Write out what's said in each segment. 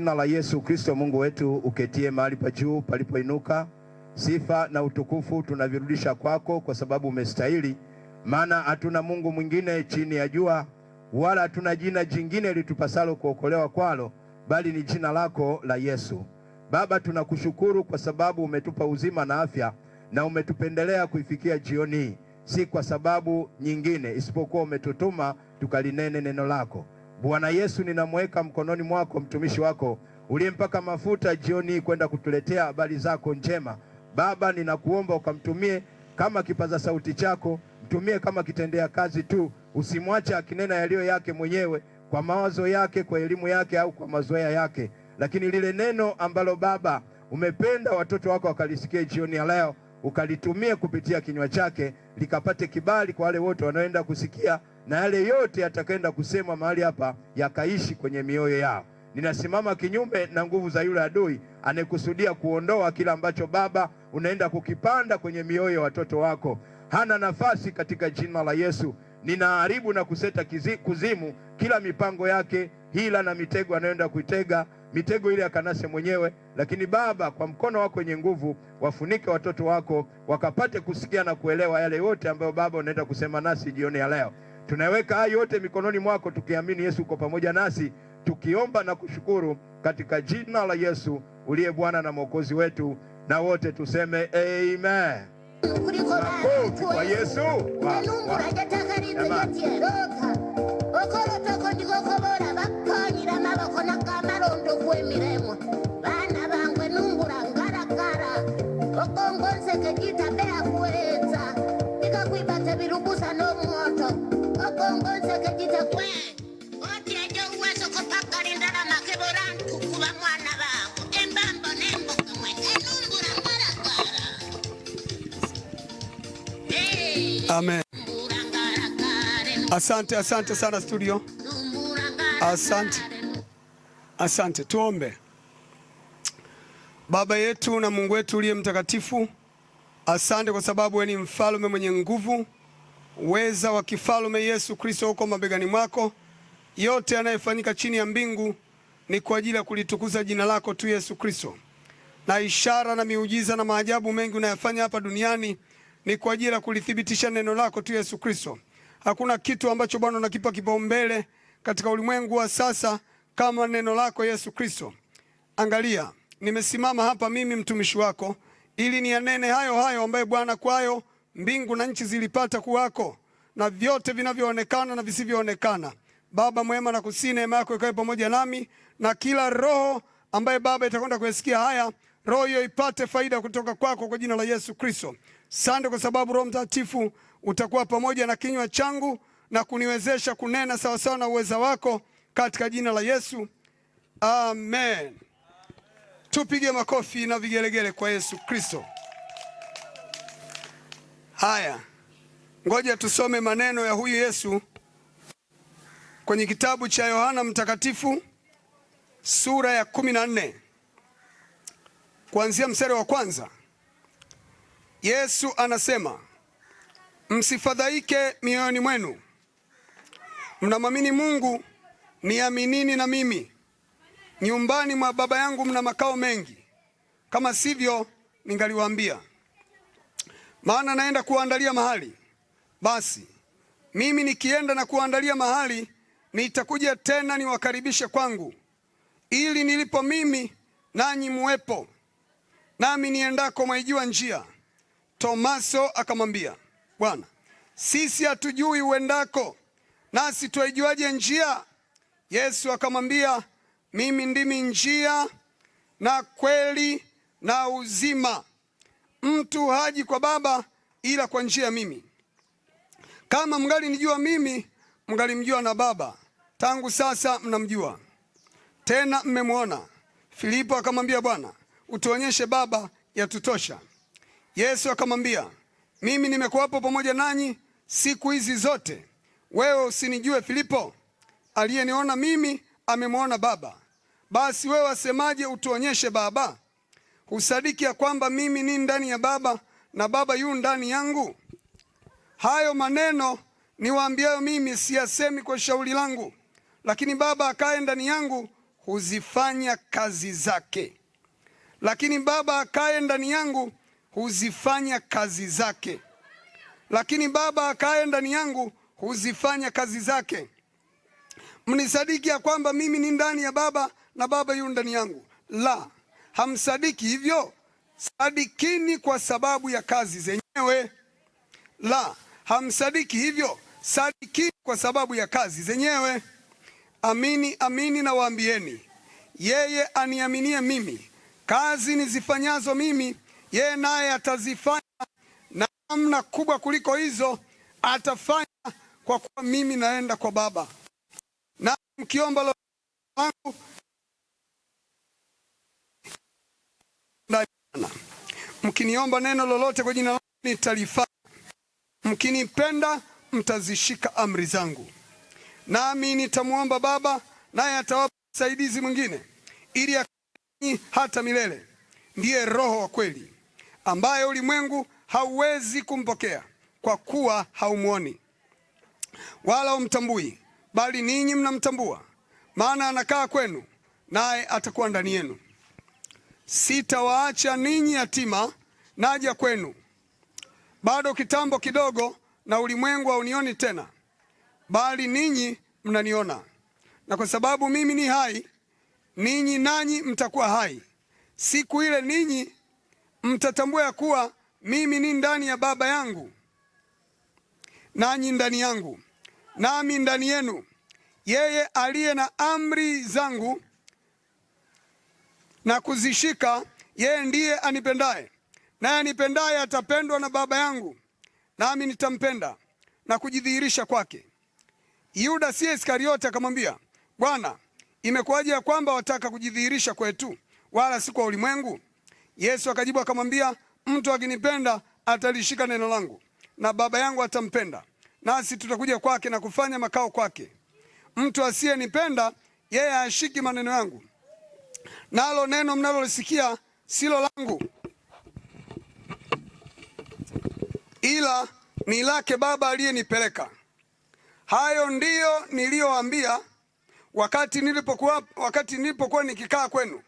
Jina la Yesu Kristo Mungu wetu uketie mahali pa juu palipoinuka, sifa na utukufu tunavirudisha kwako, kwa sababu umestahili. Maana hatuna Mungu mwingine chini ya jua, wala hatuna jina jingine litupasalo kuokolewa kwalo, bali ni jina lako la Yesu. Baba, tunakushukuru kwa sababu umetupa uzima na afya na umetupendelea kuifikia jioni hii, si kwa sababu nyingine isipokuwa umetutuma tukalinene neno lako. Bwana Yesu, ninamweka mkononi mwako mtumishi wako uliyempaka mafuta jioni kwenda kutuletea habari zako njema. Baba, ninakuomba ukamtumie kama kipaza sauti chako, mtumie kama kitendea kazi tu, usimwache akinena yaliyo yake mwenyewe kwa mawazo yake, kwa elimu yake au kwa mazoea yake, lakini lile neno ambalo Baba umependa watoto wako wakalisikia jioni ya leo, ukalitumie kupitia kinywa chake likapate kibali kwa wale wote wanaoenda kusikia na yale yote yatakaenda kusema mahali hapa yakaishi kwenye mioyo yao. Ninasimama kinyume na nguvu za yule adui anayekusudia kuondoa kila ambacho Baba unaenda kukipanda kwenye mioyo ya watoto wako. Hana nafasi katika jina la Yesu. Ninaharibu na kuseta kizi, kuzimu kila mipango yake, hila na mitego anayoenda kuitega, mitego ile akanase mwenyewe. Lakini Baba, kwa mkono wako wenye nguvu, wafunike watoto wako wakapate kusikia na kuelewa yale yote ambayo Baba unaenda kusema nasi jioni ya leo. Tunaweka haya yote mikononi mwako, tukiamini Yesu uko pamoja nasi, tukiomba na kushukuru katika jina la Yesu uliye Bwana na Mwokozi wetu, na wote tuseme amen. kwa Yesu. Wa, wa. Amen. Asante, asante sana studio. Asante, asante. Tuombe. Baba yetu na Mungu wetu uliye mtakatifu, asante kwa sababu wewe ni mfalme mwenye nguvu. Uweza wa kifalume Yesu Kristo huko mabegani mwako. Yote yanayofanyika chini ya mbingu ni kwa ajili ya kulitukuza jina lako tu Yesu Kristo, na ishara na miujiza na maajabu mengi unayofanya hapa duniani ni kwa ajili ya kulithibitisha neno lako tu Yesu Kristo. Hakuna kitu ambacho Bwana unakipa kipaumbele katika ulimwengu wa sasa kama neno lako Yesu Kristo. Angalia, nimesimama hapa mimi mtumishi wako ili nianene hayo hayo ambayo Bwana kwayo Mbingu na nchi zilipata kuwako na vyote vinavyoonekana na visivyoonekana. Baba mwema, na kusii neema yako ikawe pamoja nami na kila roho ambaye Baba itakwenda kuyasikia haya, roho hiyo ipate faida kutoka kwako, kwa jina la Yesu Kristo. Sante kwa sababu Roho Mtakatifu utakuwa pamoja na kinywa changu na kuniwezesha kunena sawasawa na uweza wako katika jina la Yesu, amen. Tupige makofi na vigelegele kwa Yesu Kristo. Haya, ngoja tusome maneno ya huyu Yesu kwenye kitabu cha Yohana Mtakatifu sura ya kumi na nne kuanzia mstari wa kwanza. Yesu anasema, msifadhaike mioyoni mwenu, mnamwamini Mungu, niaminini na mimi. Nyumbani mwa Baba yangu mna makao mengi, kama sivyo ningaliwaambia maana naenda kuandalia mahali. Basi mimi nikienda na kuandalia mahali, nitakuja tena niwakaribishe kwangu, ili nilipo mimi nanyi muwepo. Nami niendako mwaijua njia. Tomaso akamwambia, Bwana, sisi hatujui uendako, nasi twaijuaje njia? Yesu akamwambia, mimi ndimi njia na kweli na uzima mtu haji kwa Baba ila kwa njia ya mimi. Kama mngalinijua mimi, mngalimjua na Baba. Tangu sasa mnamjua tena, mmemwona. Filipo akamwambia, Bwana, utuonyeshe Baba, yatutosha. Yesu akamwambia, mimi nimekuwapo pamoja nanyi siku hizi zote, wewe usinijue Filipo? Aliyeniona mimi amemwona Baba. Basi wewe wasemaje, utuonyeshe Baba? Husadiki ya kwamba mimi ni ndani ya Baba na Baba yu ndani yangu? Hayo maneno niwaambiayo mimi siyasemi kwa shauri langu, lakini Baba akaye ndani yangu huzifanya kazi zake. Lakini Baba akaye ndani yangu huzifanya kazi zake. Lakini Baba akaye ndani yangu huzifanya kazi zake. Mnisadiki ya kwamba mimi ni ndani ya Baba na Baba yu ndani yangu? La, hamsadiki hivyo? Sadikini kwa sababu ya kazi zenyewe. La, hamsadiki hivyo? Sadikini kwa sababu ya kazi zenyewe. Amini, amini nawaambieni, yeye aniaminie mimi, kazi nizifanyazo mimi, yeye naye atazifanya, na namna kubwa kuliko hizo atafanya, kwa kuwa mimi naenda kwa Baba. Na mkiomba lolote langu Mkiniomba neno lolote kwa jina langu nitalifanya. Mkinipenda mtazishika amri zangu, nami nitamwomba Baba naye atawapa msaidizi mwingine ili akanyi hata milele, ndiye Roho wa kweli, ambaye ulimwengu hauwezi kumpokea kwa kuwa haumwoni wala umtambui bali ninyi mnamtambua, maana anakaa kwenu naye atakuwa ndani yenu sitawaacha ninyi yatima, naja kwenu. Bado kitambo kidogo, na ulimwengu haunioni tena, bali ninyi mnaniona, na kwa sababu mimi ni hai, ninyi nanyi mtakuwa hai. Siku ile ninyi mtatambua ya kuwa mimi ni ndani ya Baba yangu, nanyi ndani yangu, nami ndani yenu. Yeye aliye na amri zangu na kuzishika, yeye ndiye anipendaye, naye anipendaye atapendwa na Baba yangu, nami nitampenda na kujidhihirisha kwake. Yuda siye Iskariote akamwambia, Bwana, imekuwaje ya kwamba wataka kujidhihirisha kwetu, wala si kwa ulimwengu? Yesu akajibu akamwambia, mtu akinipenda atalishika neno langu, na Baba yangu atampenda, nasi tutakuja kwake na kufanya makao kwake. Mtu asiyenipenda yeye ashiki maneno yangu, nalo neno mnalolisikia silo langu, ila ni lake Baba aliyenipeleka. Hayo ndiyo niliyoambia wakati nilipokuwa wakati nilipokuwa nikikaa kwenu.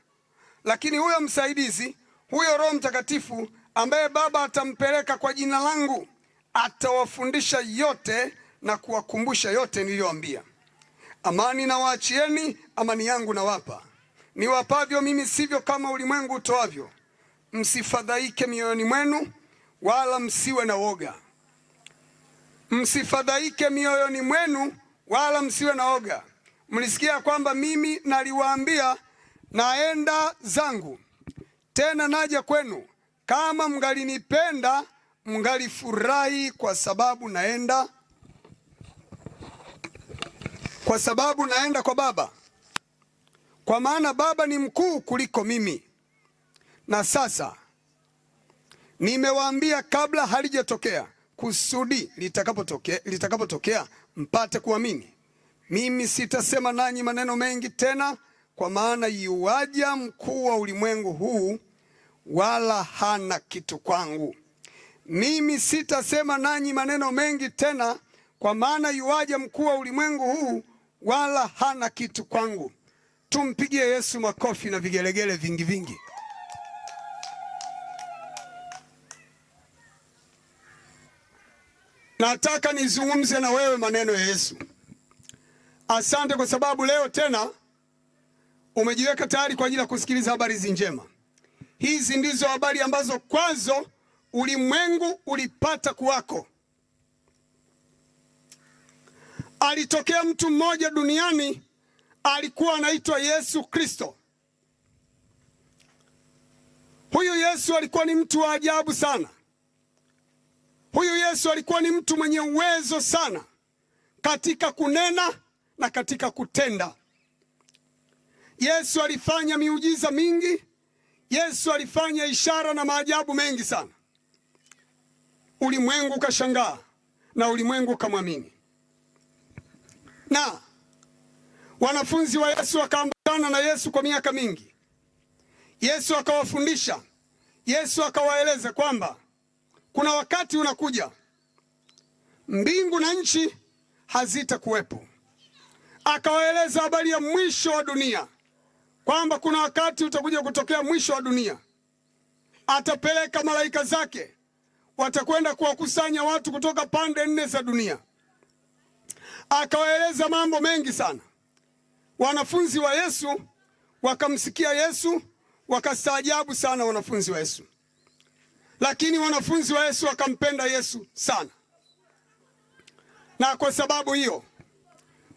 Lakini huyo msaidizi, huyo Roho Mtakatifu ambaye Baba atampeleka kwa jina langu, atawafundisha yote na kuwakumbusha yote niliyoambia. Amani nawaachieni, amani yangu nawapa niwapavyo mimi sivyo kama ulimwengu utoavyo. Msifadhaike mioyoni mwenu, wala msiwe na woga. Msifadhaike mioyoni mwenu, wala msiwe na woga. Mlisikia kwamba mimi naliwaambia, naenda zangu tena naja kwenu. Kama mngalinipenda mngalifurahi, kwa sababu naenda, kwa sababu naenda kwa Baba kwa maana Baba ni mkuu kuliko mimi. Na sasa nimewaambia kabla halijatokea, kusudi litakapotokea, litakapotokea mpate kuamini. Mimi sitasema nanyi maneno mengi tena, kwa maana yuaja mkuu wa ulimwengu huu, wala hana kitu kwangu. Mimi sitasema nanyi maneno mengi tena, kwa maana yuaja mkuu wa ulimwengu huu, wala hana kitu kwangu. Tumpigie Yesu makofi na vigelegele vingi vingi. Nataka nizungumze na wewe maneno ya Yesu. Asante kwa sababu leo tena umejiweka tayari kwa ajili ya kusikiliza habari njema. Hizi ndizo habari ambazo kwazo ulimwengu ulipata kuwako. Alitokea mtu mmoja duniani alikuwa anaitwa Yesu Kristo. Huyu Yesu alikuwa ni mtu wa ajabu sana. Huyu Yesu alikuwa ni mtu mwenye uwezo sana katika kunena na katika kutenda. Yesu alifanya miujiza mingi. Yesu alifanya ishara na maajabu mengi sana. Ulimwengu ukashangaa na ulimwengu ukamwamini na Wanafunzi wa Yesu wakaambatana na Yesu kwa miaka mingi. Yesu akawafundisha, Yesu akawaeleza kwamba kuna wakati unakuja mbingu na nchi hazitakuwepo. Akawaeleza habari ya mwisho wa dunia kwamba kuna wakati utakuja kutokea mwisho wa dunia. Atapeleka malaika zake, watakwenda kuwakusanya watu kutoka pande nne za dunia. Akawaeleza mambo mengi sana. Wanafunzi wa Yesu wakamsikia Yesu wakastaajabu sana, wanafunzi wa Yesu. Lakini wanafunzi wa Yesu wakampenda Yesu sana, na kwa sababu hiyo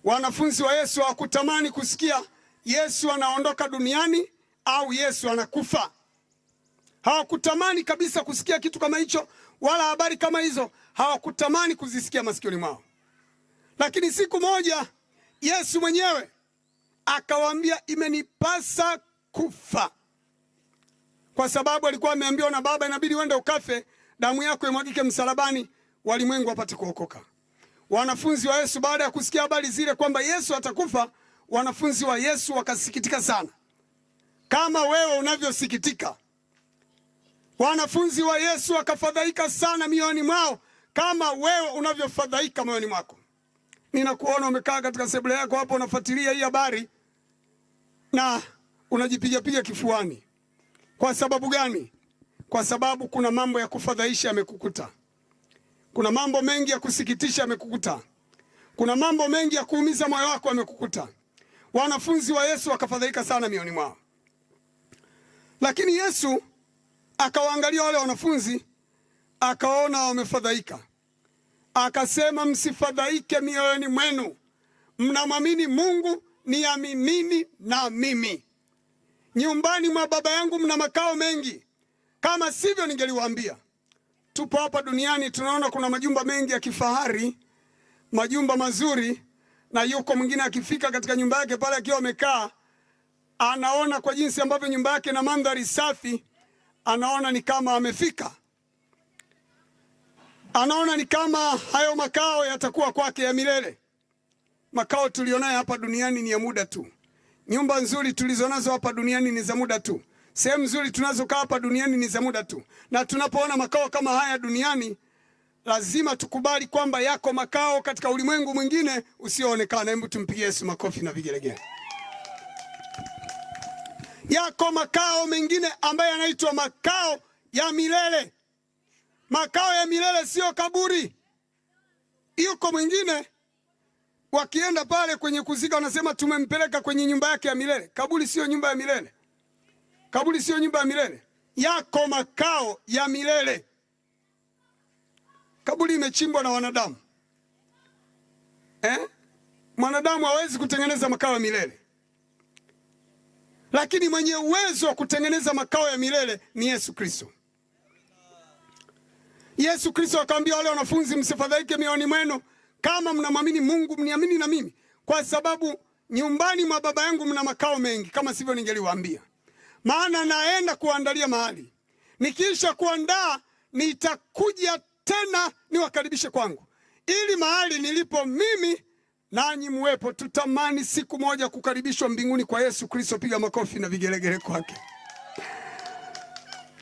wanafunzi wa Yesu hawakutamani kusikia Yesu anaondoka duniani au Yesu anakufa. Hawakutamani kabisa kusikia kitu kama hicho, wala habari kama hizo hawakutamani kuzisikia masikioni mwao. Lakini siku moja Yesu mwenyewe Akawaambia, imenipasa kufa, kwa sababu alikuwa ameambiwa na Baba, inabidi uende ukafe, damu yako imwagike msalabani, walimwengu wapate kuokoka. Wanafunzi wa Yesu baada ya kusikia habari zile kwamba Yesu atakufa, wanafunzi wa Yesu wakasikitika sana, kama wewe unavyosikitika. Wanafunzi wa Yesu wakafadhaika sana mioyoni mwao, kama wewe unavyofadhaika moyoni mwako. Ninakuona umekaa katika sebule yako hapo, unafuatilia hii habari, na unajipigapiga kifuani. Kwa sababu gani? Kwa sababu kuna mambo ya kufadhaisha yamekukuta, kuna mambo mengi ya kusikitisha yamekukuta, kuna mambo mengi ya kuumiza moyo wako yamekukuta. Wanafunzi wa Yesu wakafadhaika sana mioni mwao, lakini Yesu akawaangalia wale wanafunzi, akaona wamefadhaika, akasema msifadhaike mioyoni mwenu, mnamwamini Mungu ni ya mimi na mimi. Nyumbani mwa baba yangu mna makao mengi, kama sivyo ningeliwaambia. Tupo hapa duniani, tunaona kuna majumba mengi ya kifahari, majumba mazuri, na yuko mwingine akifika katika nyumba yake pale akiwa amekaa, anaona kwa jinsi ambavyo nyumba yake na mandhari safi, anaona ni kama amefika, anaona ni kama hayo makao yatakuwa kwake ya milele. Makao tulionayo hapa duniani ni ya muda tu. Nyumba nzuri tulizonazo hapa duniani ni za muda tu. Sehemu nzuri tunazokaa hapa duniani ni za muda tu, na tunapoona makao kama haya duniani lazima tukubali kwamba yako makao katika ulimwengu mwingine usioonekana. Hebu tumpigie Yesu makofi na vigelegele. Yako makao mengine ambayo yanaitwa makao ya milele. Makao ya milele siyo kaburi. Yuko mwingine Wakienda pale kwenye kuzika, wanasema tumempeleka kwenye nyumba yake ya milele. Kaburi sio nyumba ya milele, kaburi siyo nyumba ya milele, yako makao ya milele. Kaburi imechimbwa na wanadamu eh? Mwanadamu hawezi kutengeneza makao ya milele, lakini mwenye uwezo wa kutengeneza makao ya milele ni Yesu Kristo. Yesu Kristo akawambia wale wanafunzi, msifadhaike mioyoni mwenu kama mnamwamini Mungu, mniamini na mimi, kwa sababu nyumbani mwa baba yangu mna makao mengi, kama sivyo ningeliwaambia. Maana naenda kuandalia mahali, nikiisha kuandaa nitakuja tena niwakaribishe kwangu, ili mahali nilipo mimi nanyi muwepo. Tutamani siku moja kukaribishwa mbinguni kwa Yesu Kristo. Piga makofi na vigelegele kwake.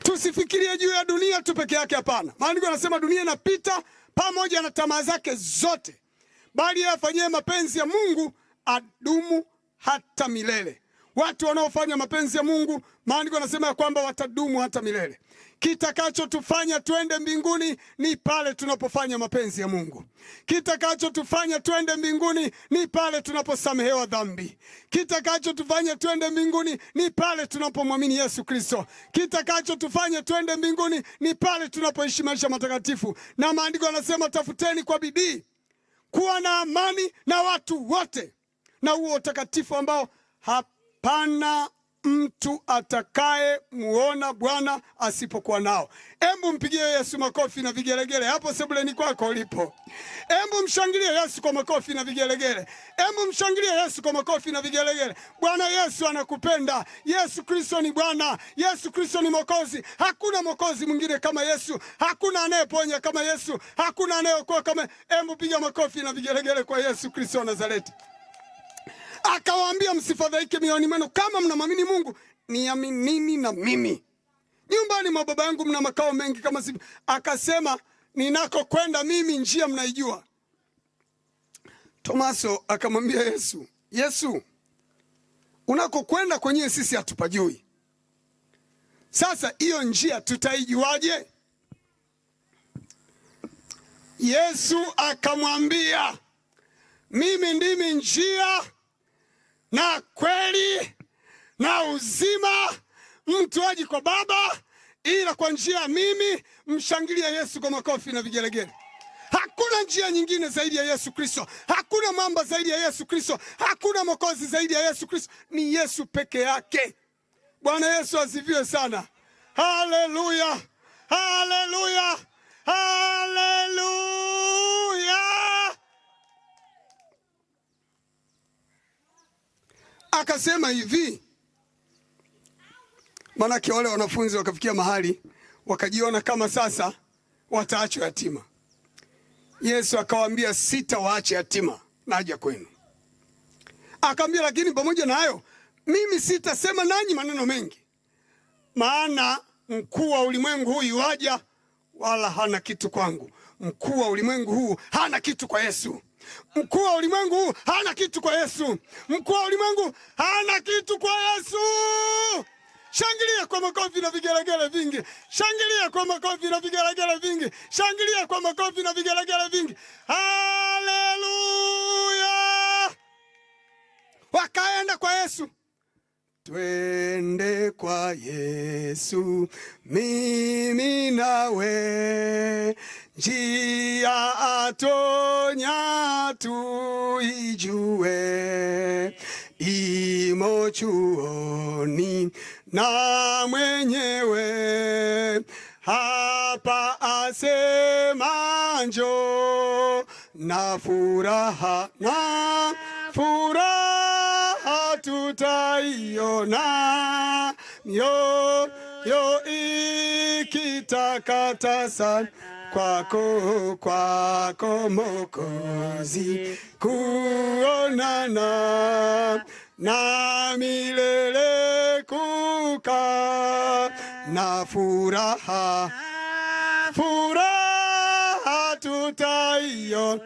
Tusifikirie juu ya dunia tu peke yake, hapana. Maandiko yanasema dunia inapita pamoja na tamaa zake zote, bali yeye afanyie mapenzi ya Mungu adumu hata milele. Watu wanaofanya mapenzi ya Mungu Maandiko yanasema ya kwamba watadumu hata milele. Kitakachotufanya twende mbinguni ni pale tunapofanya mapenzi ya Mungu. Kitakachotufanya twende mbinguni ni pale tunaposamehewa dhambi. Kitakachotufanya twende mbinguni ni pale tunapomwamini Yesu Kristo. Kitakachotufanya twende mbinguni ni pale tunapoishi maisha matakatifu, na maandiko yanasema tafuteni kwa bidii kuwa na amani na watu wote na huo utakatifu ambao hapana mtu atakaye muona Bwana asipokuwa nao. Hebu mpigie Yesu makofi na vigelegele hapo sebuleni kwako ulipo. Hebu mshangilie Yesu kwa makofi na vigelegele. Hebu mshangilie Yesu kwa makofi na vigelegele. Bwana Yesu anakupenda. Yesu Kristo ni Bwana. Yesu Kristo ni Mwokozi. Hakuna mwokozi mwingine kama Yesu. Hakuna anayeponya kama Yesu. Hakuna anayeokoa kama. Hebu piga makofi na vigelegele kwa Yesu Kristo wa Nazareti akawaambia msifadhaike mioyoni mwenu, kama mnamwamini Mungu niaminini na mimi. Nyumbani mwa baba yangu mna makao mengi, kama si akasema, ninakokwenda mimi njia mnaijua. Tomaso akamwambia Yesu, Yesu, unakokwenda kwenyewe sisi hatupajui. Sasa hiyo njia tutaijuaje? Yesu akamwambia, mimi ndimi njia na kweli na uzima. Mtu aji kwa Baba ila kwa njia ya mimi. Mshangilie Yesu kwa makofi na vigelegele. Hakuna njia nyingine zaidi ya Yesu Kristo, hakuna mwamba zaidi ya Yesu Kristo, hakuna mwokozi zaidi ya Yesu Kristo, ni Yesu peke yake. Bwana Yesu asifiwe sana. Haleluya, haleluya, haleluya. Akasema hivi, maanake wale wanafunzi wakafikia mahali wakajiona kama sasa wataachwa yatima. Yesu akawaambia, sita waache yatima, naja kwenu. Akaambia, lakini pamoja na hayo mimi sitasema nanyi maneno mengi, maana mkuu wa ulimwengu huu iwaja wala hana kitu kwangu. Mkuu wa ulimwengu huu hana kitu kwa Yesu. Mkuu wa ulimwengu hana kitu kwa Yesu. Mkuu wa ulimwengu hana kitu kwa Yesu. Shangilia kwa makofi na vigelegele vingi. Shangilia kwa makofi na vigelegele vingi. Shangilia kwa makofi na vigelegele vingi. Haleluya! Wakaenda kwa Yesu. Twende kwa Yesu mimi nawe njia atonya tuijue, imo chuoni na mwenyewe hapa asema njo na furaha na furaha tutaiona, mioyo ikitakata sana kwako kwako Mokozi, kuonana na milele kuka na furaha, furaha tutaiyo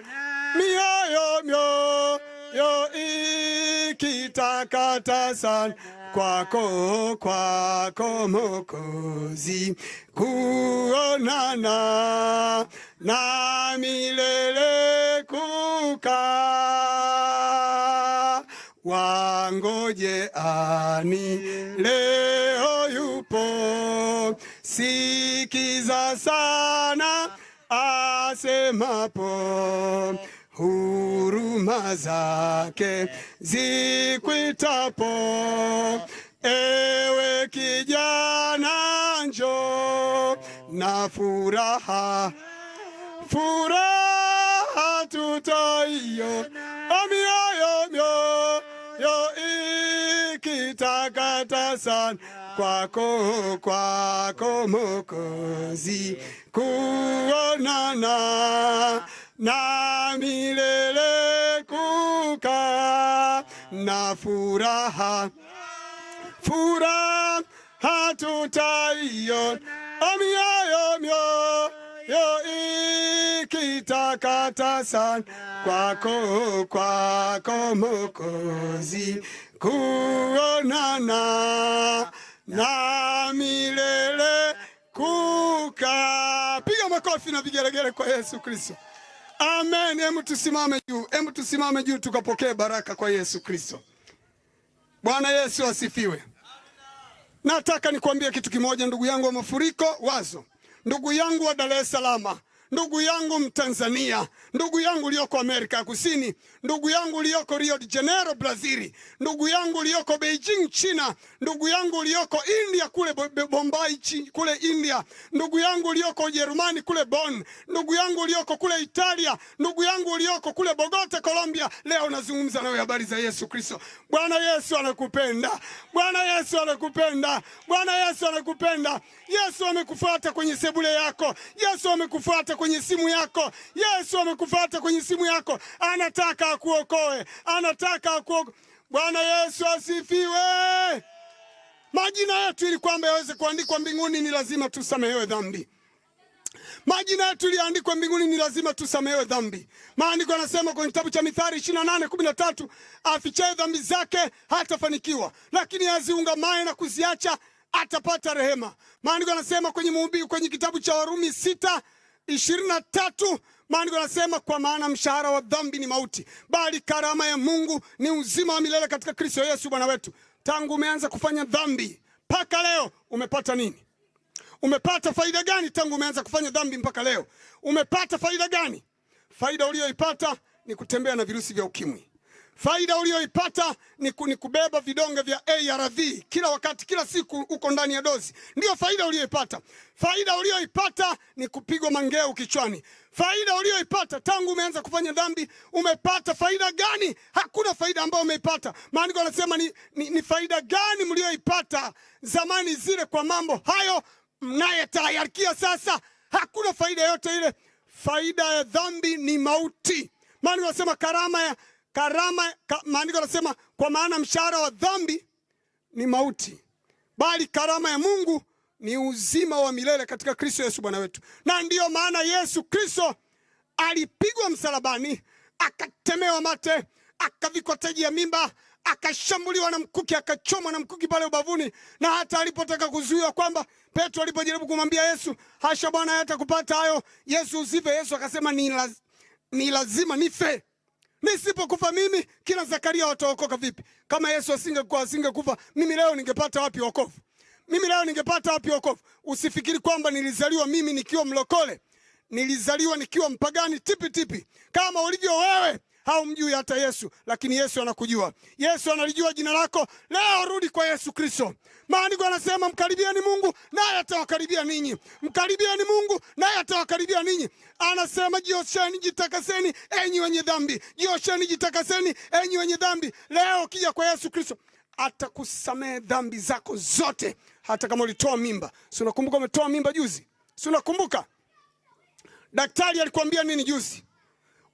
mioyo mioyo ikitakata sana kwako kwako Mokozi, kuonana na milele kukaa. Wangoje ani leo yupo, sikiza sana asemapo huruma zake zikwitapo, ewe kijana njo na furaha, furaha tutaiyo amioyo mioyo ikitakata sana kwako, kwako Mokozi kuonana na milele kuka na furaha furaha hatutaiona mioyo mioyo ikitakata sana kwako kwako Mokozi kuonana na milele kuka. Piga makofi na vigelegele kwa Yesu Kristo. Amen. Hebu tusimame juu, hebu tusimame juu tukapokee baraka kwa Yesu Kristo. Bwana Yesu asifiwe. Nataka nikwambie kitu kimoja, ndugu yangu wa mafuriko wazo, ndugu yangu wa Dar es Salaam, ndugu yangu Mtanzania, ndugu yangu ulioko Amerika ya Kusini, ndugu yangu ulioko Rio de Janeiro Brazili, ndugu yangu ulioko Beijing China, ndugu yangu ulioko India kule Bombai kule India, ndugu yangu ulioko Ujerumani kule Bonn, ndugu yangu ulioko kule Italia, ndugu yangu ulioko kule Bogota Colombia, leo nazungumza nawe habari za Yesu Kristo. Bwana Yesu anakupenda, Bwana Yesu anakupenda, Bwana Yesu anakupenda. Yesu amekufuata kwenye sebule yako, Yesu amekufuata amekufuata kwenye simu yako. Yesu amekufuata kwenye simu yako, anataka akuokoe, anataka akuokoe. Bwana Yesu asifiwe. Majina yetu ili kwamba yaweze kuandikwa mbinguni ni lazima tusamehewe dhambi. Majina yetu iliandikwa mbinguni ni lazima tusamehewe dhambi. Maandiko yanasema kwenye kitabu cha Mithali 28:13, afichaye dhambi zake hatafanikiwa, lakini aziungamaye na kuziacha atapata rehema. Maandiko yanasema kwenye mhubiri kwenye kitabu cha Warumi sita ishirini na tatu maandiko yanasema kwa maana mshahara wa dhambi ni mauti, bali karama ya Mungu ni uzima wa milele katika Kristo Yesu Bwana wetu. Tangu umeanza kufanya dhambi mpaka leo umepata nini? Umepata faida gani? Tangu umeanza kufanya dhambi mpaka leo umepata faida gani? Faida uliyoipata ni kutembea na virusi vya ukimwi. Faida uliyoipata ni, ni kubeba vidonge vya ARV kila wakati, kila siku uko ndani ya dozi, ndio faida uliyoipata. Faida uliyoipata ni kupigwa mangeu kichwani. Faida uliyoipata tangu umeanza kufanya dhambi, umepata faida gani? Hakuna faida ambayo umeipata. Maandiko anasema ni, ni, ni faida gani mlioipata zamani zile kwa mambo hayo mnayetahayarikia sasa? Hakuna faida yote ile. Faida ya dhambi ni mauti. Maandiko anasema karama ya Karama, ka, maandiko yanasema kwa maana mshahara wa dhambi ni mauti, bali karama ya Mungu ni uzima wa milele katika Kristo Yesu Bwana wetu. Na ndiyo maana Yesu Kristo alipigwa msalabani, akatemewa mate, akavikwa taji ya mimba, akashambuliwa na mkuki, akachomwa na mkuki pale ubavuni. Na hata alipotaka kuzuiwa kwamba Petro alipojaribu kumwambia Yesu, hasha Bwana, hata kupata hayo Yesu usife, Yesu akasema ni, laz, ni lazima nife. Nisipokufa mimi kila Zakaria wataokoka vipi? Kama Yesu asingekuwa asingekufa, mimi leo ningepata wapi wokovu? Mimi leo ningepata wapi wokovu? Usifikiri kwamba nilizaliwa mimi nikiwa mlokole. Nilizaliwa nikiwa mpagani tipi tipi kama ulivyo wewe haumjui hata Yesu, lakini Yesu anakujua. Yesu analijua jina lako. Leo rudi kwa Yesu Kristo. Maandiko yanasema mkaribieni Mungu naye atawakaribia ninyi, mkaribieni Mungu naye atawakaribia ninyi. Anasema jiosheni, jitakaseni enyi wenye dhambi, jiosheni, jitakaseni enyi wenye dhambi. Leo kija kwa Yesu Kristo atakusamehe dhambi zako zote, hata kama ulitoa mimba. Si unakumbuka umetoa mimba juzi? Si unakumbuka daktari alikwambia nini juzi?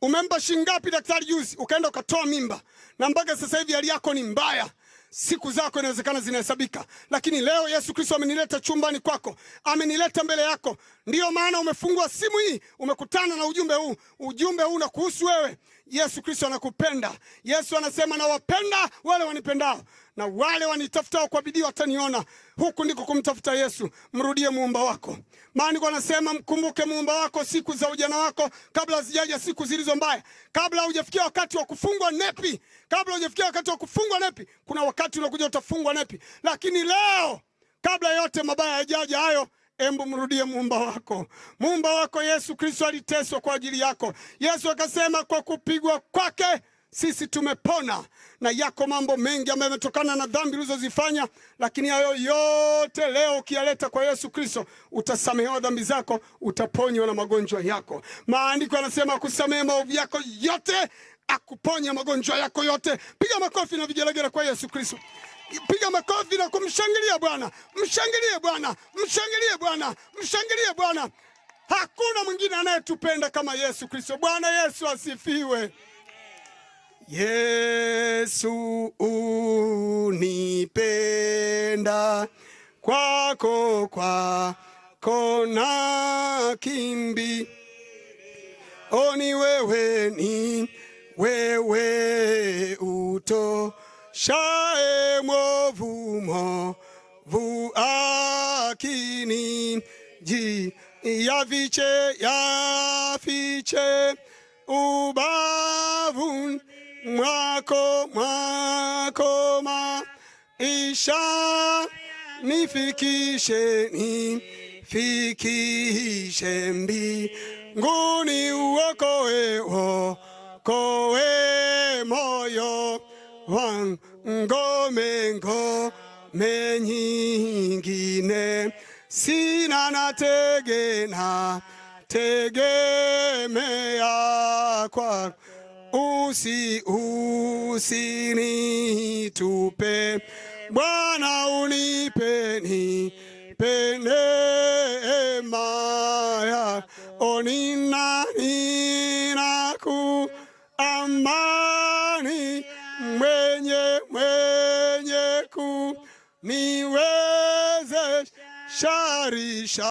Umempa shilingi ngapi daktari juzi? Ukaenda ukatoa mimba na mpaka sasa hivi hali yako ni mbaya, siku zako inawezekana zinahesabika. Lakini leo Yesu Kristo amenileta chumbani kwako, amenileta mbele yako. Ndiyo maana umefungua simu hii, umekutana na ujumbe huu. Ujumbe huu unakuhusu wewe. Yesu Kristo anakupenda. Yesu anasema nawapenda wale wanipendao na wale wanitafutao kwa bidii wataniona. Huku ndiko kumtafuta Yesu. Mrudie muumba wako, maandiko anasema mkumbuke muumba wako siku za ujana wako, kabla hazijaja siku zilizo mbaya, kabla hujafikia wakati wa kufungwa nepi, kabla hujafikia wakati wa kufungwa nepi. Kuna wakati unakuja utafungwa nepi, lakini leo, kabla yote mabaya hayajaja hayo Embu mrudie muumba wako. Muumba wako Yesu Kristo aliteswa kwa ajili yako. Yesu akasema kwa kupigwa kwake sisi tumepona. Na yako mambo mengi ambayo yametokana na dhambi ulizozifanya, lakini hayo yote leo ukiyaleta kwa Yesu Kristo utasamehewa dhambi zako, utaponywa na magonjwa yako. Maandiko yanasema kusamehe maovu yako yote, akuponya magonjwa yako yote. Piga makofi na vigelegele kwa Yesu Kristo piga makofi na kumshangilia Bwana, mshangilie Bwana, mshangilie Bwana, mshangilie Bwana. Hakuna mwingine anayetupenda kama Yesu Kristo. Bwana Yesu asifiwe. Yesu unipenda, kwako kwa kona kimbi oni wewe ni wewe uto shae mwovu mwovu akini ji yafiche yafiche ubavu mwako mwako maisha nifikishe nifikishe mbinguni, uokoe uokoe moyo wa ngome ngome nyingine sina nategena tegemea kwa usi usinitupe Bwana unipeni pene onina nina ku ama shari sharisha